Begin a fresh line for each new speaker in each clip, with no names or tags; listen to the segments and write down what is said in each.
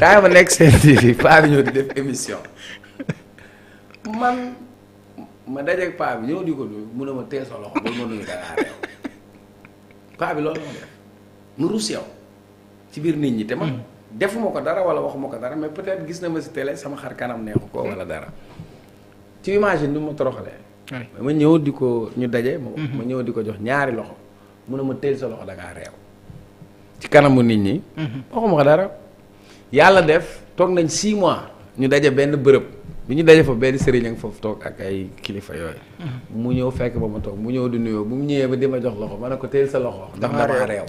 temps ma nekk seen TV paa bi ñëw di def émission man ma dajeeg paa bi ñëw di ko nuyu mu ma tee sa loxo ba ma nuyu dara ci biir nit ñi te man mm. defuma ko dara wala waxuma ko dara mais peut-être gis na ma si télé sama xar kanam neexu wala dara ci imagine bi ma toroxalee. ma ñëw di ko ñu daje. Mm-hmm. ma ñëw di ko jox ñaari loxo mu ne ma teel da ci kanamu nit ñi. Mhm. waxuma ko dara. yàlla def toog nañ 6 mois ñu daje benn bërëb bi ñu daje fo benn sëriñ a foofu toog ak ay kilifa yooyu. Mhm. mu ñëw fekk ba ma toog mu ñëw di nuyoo bu mu ñëwee ba di ma jox loxo man ne ko teel sa loxo. ndax dama réew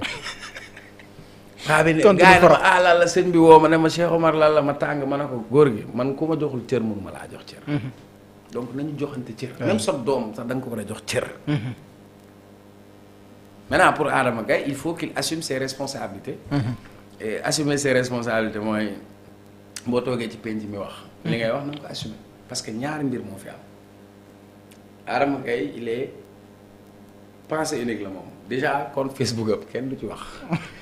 paa bi ma ah la sëñ bi woo ma ne ma Cheikh Omar lal la ma tàng man ne ko góor gi man ku ma joxul cër mënu ma laa jox cër. Mhm. donc nañu joxante cër. même sa doom sax da ko war a jox cër. maintenant pour Adama Gaye il faut qu'il assume ses responsabilités mm-hmm. et assumer mooy boo toogee ci penc mi wax li ngay wax na nga ko assumer parce que ñaari mbir moo fi am Adama Gaye il est pensée unique moom déjà compte Facebook am kenn du ci wax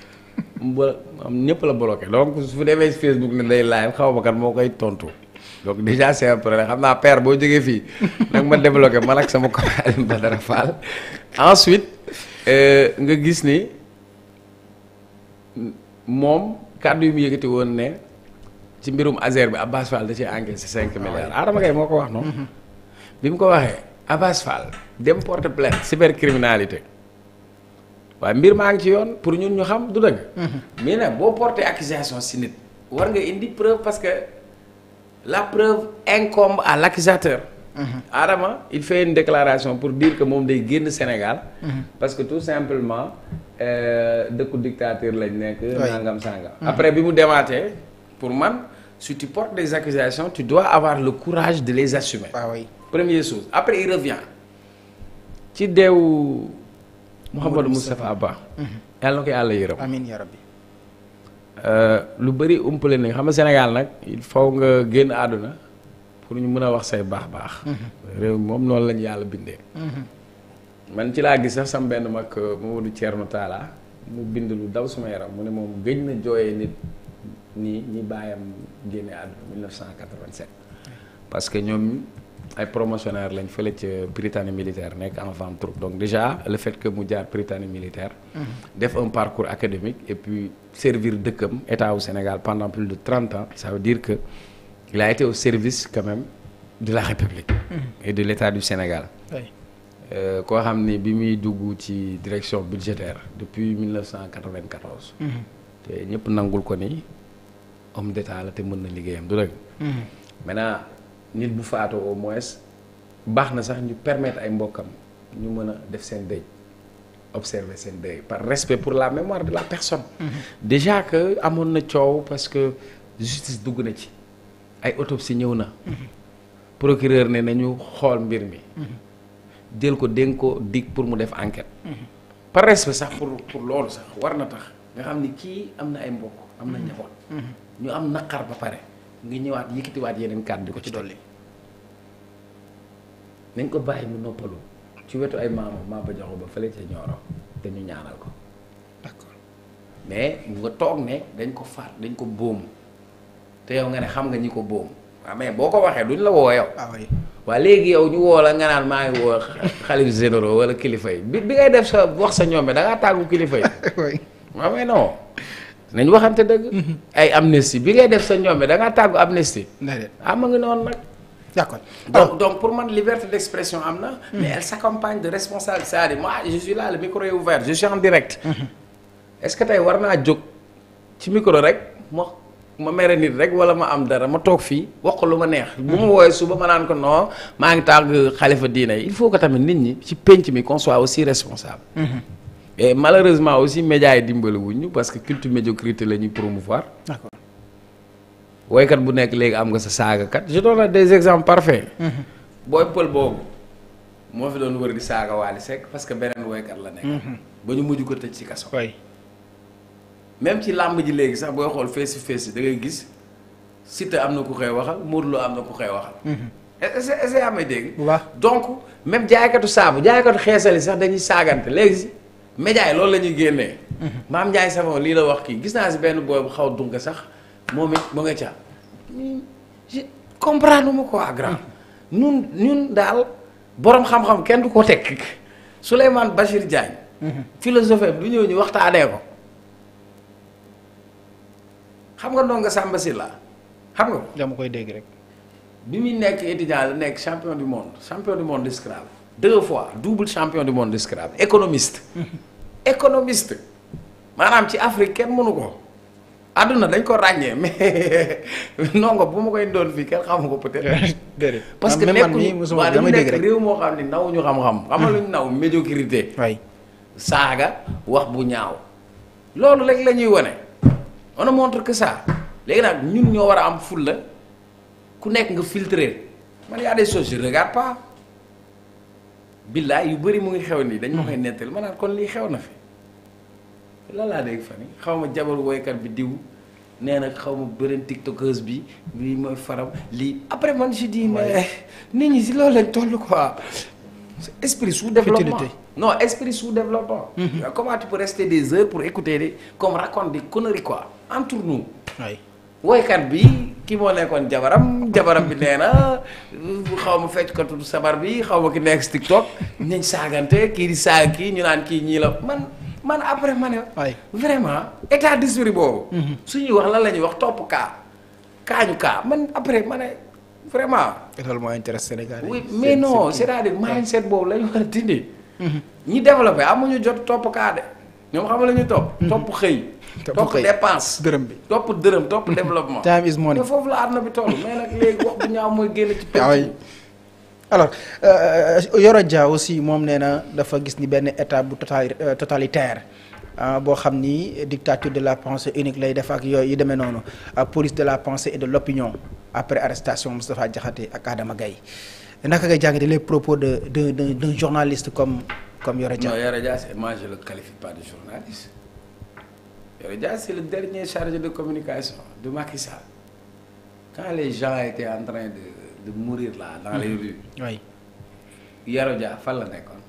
mba am ñëpp la bloqué donc su demee Facebook ne day live xaw ma kan moo koy tontu donc déjà c'est un problème xam naa père boo jógee fii nag ma débloqué man ak sama copain Alioune Badara Fall ensuite Eh, nga gis ni moom kàddu yi mu woon ne ci mbirum Azer bi Abbas Fall da ci encaissé cinq milliards ah, Adama Gaye moo ko wax noonu mhm. bi mu ko waxee Abbas Fall dem porte plainte cybercriminalité waaye mbir maa ngi ci yoon pour ñun ñu xam du dëgg mhm. mais nag boo porté accusation si nit war nga indi preuve parce que la preuve incombe à l'accusateur Adama il fait une déclaration pour dire que moom day génn Sénégal. Mhm. parce que tout simplement euh, dëkku dictature lañ nekk. nangam sangam. Mhm. après bi mu demaatee pour man si tu portes des accusations tu dois avoir le courage de les assumer. waaw ah, oui. première chose après il mhm. na ko yàlla yërëm. Euh, lu bëri umpale nañ xam Sénégal nag il faut nga génn àdduna. pour ñu mën a wax say baax baax. Mm-hmm. réew moom noonu lañu yàlla bindee.
Mm-hmm.
man ci laa gis sax sama benn mag euh, Mamadou Thierno Talla mu bind lu daw suma yaram mu ne moom gëj na jooyee nit ñi ñi bàyyam génne àdduna 1987. parce que ñoom ay promotionnaire lañ fële ca Prytanée militaire nekk enfant troupe donc déjà le fait que mu jaar Prytanée militaire. Mm-hmm. def un parcours académique et puis servir dëkkam état wu Sénégal pendant plus de trente ans. veut dire que. la a été au service quand même de la République. Mhm. et de l'État du Sénégal. Euh, koo xam ne bi muy dugg ci direction budgétaire depuis 1994. Mhm. te ñëpp nangul ko ni homme d'État la te mën na liggéeyam du rek mhm. maintenant nit bu faatoo au moins baax na sax ñu permettre ay mbokkam ñu mën a def seen dëj observer seen dëj par respect pour la mémoire de la personne. déjà que amoon na coow parce que justice dugg na ci. ay si ñëw na procureur ne nañu xool mbir mi jël ko dénk ko dig pour mu def enquête par respect sax pour pour loolu sax war na tax nga xam ni kii am na ay mbokk am na njaboot ñu am naqar ba pare nga ñëwaat yëkkatiwaat yeneen kàddu di ko ci dolli nañ ko bàyyi mu noppalu ci wetu ay maamam maa ba ba fële ca Nioro te ñu ñaanal ko mais mu nga toog ne dañ ko faat dañ ko bóom te yow nga ne xam nga ñi ko boom waaw mais boo ko waxee duñ la woo yow. waaw léegi yow ñu woo la nga naan maa ngi woo xalif généraux wala kilifa yi bi bi ngay def sa wax sa ñoom bi da tàggu kilifa yi. waaw mais non nañ waxante dëgg. ay amnistie bi ngay def sa ñoom da ngaa tàggu amnistie. ah ma ngi noonu nag. d'accord donc donc pour man liberté d'expression am na. mais sa s'accompagne de responsabilité c'est-à-dire moi je suis là micro est ouvert je en direct. Mhm. est-ce que tey war naa jóg ci micro rek ma mere nit rek wala ma am dara ma toog fii wax lu ma neex. bu ma woowee suba ma naan ko non maa ngi tàng xalifa diina yi il faut que tamit nit ñi ci penc mi qu'on aussi responsable. Mhm. et malheureusement aussi médias yi dimbali wuñu parce que culture médiocrité la ñuy promouvoir. d'accord woykat bu nekk léegi am nga sa saagakat je donne des exemples parfaits. Mhm. booy pël boobu moo fi doon wër di saaga Wally Seck parce que beneen woykat la nekk. Mhm. ba ñu mujj ko tëj ci kaso. même ci làmb ji léegi sax booy xool face to face da ngay gis Siteu am na ku koy waxal Modou Lo am na ku koy waxal. Mhm. est-ce que yaa may dégg. donc même jaaykatu saabu jaaykatu xeesal sax dañuy saagante léegi média yi loolu la ñuy génnee. Mhm. maam Ndiaye Savon lii la wax kii gis naa si benn booy bu xaw a dugg sax moom it mu nga ca. comprend comprendre mu quoi grand. Mhm. ñun ñun daal borom xam-xam kenn du ko tekk Souleymane Bachir Diagne. philosophe du ñëw ñu waxtaanee ko. xam nga ndongo Samba Sylla xam nga. dama koy dégg rek. bi muy nekk étudiant la nekk champion du monde champion du monde d'escrave deux fois double champion du monde d'escrave économiste. économiste maanaam ci Afrique kenn mënu ko. àdduna dañ ko ràññee mais ndongo bu ma koy doon fii kenn xamu ko peut-être. déedéet parce que nekkul waaw dañu nekk réew moo xam ni naw ñu xam-xam. xamal lu ñu naw médiocrité. saaga wax bu ñaaw. loolu rek la ñuy wane. on ne montre que ça léegi nag ñun ñoo war a am fulla ku nekk nga filtrer man y a des choses je regarde billaay yu bari mu ngi xew nii dañ ma koy hmm. nettali ma kon lii xew na fi lan laa dégg fan yi xaw ma jabaru woykat bi diw nee na xaw ma beneen tiktokeuse bi lii mooy faram lii après man je dis nit ñi si loolu lañ toll quoi esprit sous développement non esprit sous développement. Mm-hmm. comment tu peux rester des heures pour écouter des comme raconte des conneries quoi entre nous. oui woykat bi ki moo nekkoon jabaram jabaram bi nee na xaw ma fecc ko tudd sabar bi xaw ma ki nekk si TikTok nañ saagante kii di saag kii ñu naan kii ñii la man man après ma ne. vraiment état d'esprit boobu. Mhm. su ñuy wax lan la ñuy wax topp kaa kaañu kaa man après ma vraiment. loolu moo intéresse Sénégal yi. mais non c'est-à-dire mindset boobu la ñu war a dindi. Mm-hmm. ñi développé amuñu jot topp kaa de ñoom xam la ñu mm-hmm. topp. topp xëy. topp dépense dërëm bi topp dërëm topp mm-hmm. développement. time is money foofu la àdduna bi toll mais nag léegi wax bu ñaaw mooy génn ci. waaw ah
alors euh, Yoro Dia aussi moom nee na dafa gis ni benn état bu total euh, totalitaire. Ah, boo xam ni dictature de la pensée unique lay def ak yooyu yi demee noonu ah, police de la pensée et de l'opinion après arrestation Moustapha Diakhaté ak aadama gay naka nga jàngate les propos de de d'un journaliste comme comme Yoro Dia. Yoro Dia
moi le qualifie pas de journaliste de communication de Macky les gens étaient en train de hmm. fan la nekkoon.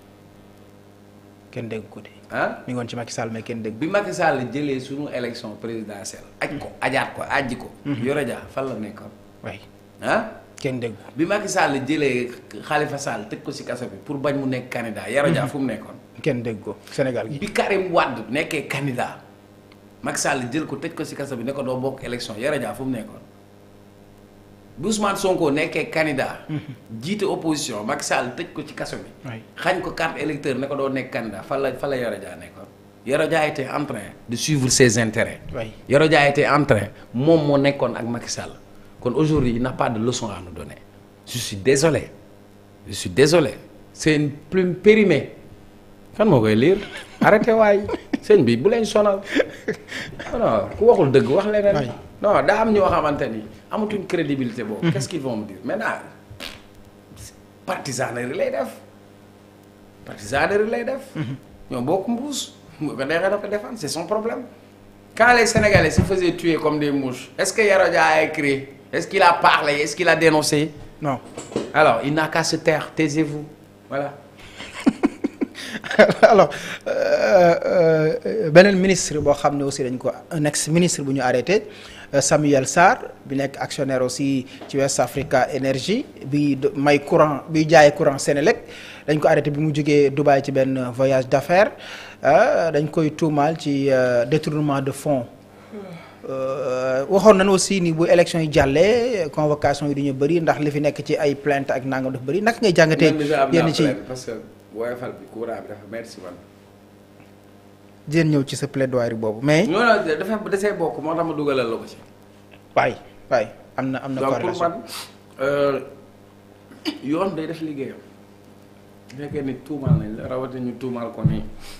kenn dégg ko de. ah mi ngi woon ci Macky kenn dégg. bi Macky Sall jëlee sunu élection présidentielle. aj ko ajaat ko ajji ko. Mhm. Yoro Dia fan la nekkoon. waay ah. kenn dégg ko bi Macky Sall jëlee xalifa saal teg ko si kaso bi pour bañ mu nekk candidat Yoro Dia mhm. fu mu nekkoon. kenn dégg ko Sénégal gi. bi Karim Wade nekkee candidat Macky Sall jël ko tëj ko si kaso bi ne ko doo bokk élection Yoro Dia fu mu nekkoon. bu Ousmane Sonko nekkee candidat. jiite opposition Macky Sall tëj ko ci kaso bi. xañ ko carte électeur ne ko doo nekk candidat fan la fan la Yoro Dia nekkoon. Yoro Dia était en train de suivre ses intérêts. oui Yoro Dia était en train moom moo nekkoon ak Macky Sall kon aujourd'hui il n'a pas de leçon à nous donner je suis désolé je suis désolé c'est une plume périmée kan moo koy lire arrêté waay. sëñ bi bu leen sonal non ku waxul dëgg wax leneen. non daa am ñoo xamante ni amatuñ crédibilité boobu. Mhm. qu'est-ce qu'ils vont me dire maintenant partisanerie lay def partisanerie lay def. Mhm. ñoom bokk mbuus mu ko neexee dafa défendre c'est son problème. quand les Sénégalais se faisaient tuer comme des mouches est-ce que Yoro Dia a écrit est-ce qu'il a parlé est-ce qu'il a dénoncé. non alors il n'a qu'à se taire taisez-vous voilà. alors
euh, euh, beneen ministre boo xam ne aussi dañ ko un ex ministre bu ñu arrêté euh, Samuel Sarr bi nekk actionnaire aussi ci West Africa Energy bi may courant bi jaayee courant Sénélec dañ ko arrêté bi mu jógee Dubaï ci benn voyage d'affaires dañ koy tuumaal ci détournement de fonds waxoon na aussi ni bu élection yi jàllee convocation yi du ñu bëri ndax li fi nekk ci ay plant ak nangam daf bëri naka ngay jàngatee yenn ci
woyofal bi courant
ñëw ci sa plaidoirie boobu mais. non
dafa desee bokk moo tax ma dugalal la ko ci. waay waay am na am na. corrélation donc euh, yoon day def liggéeyam. bu fekkee ni tuumaal nañ la ñu tuumaal ko nii.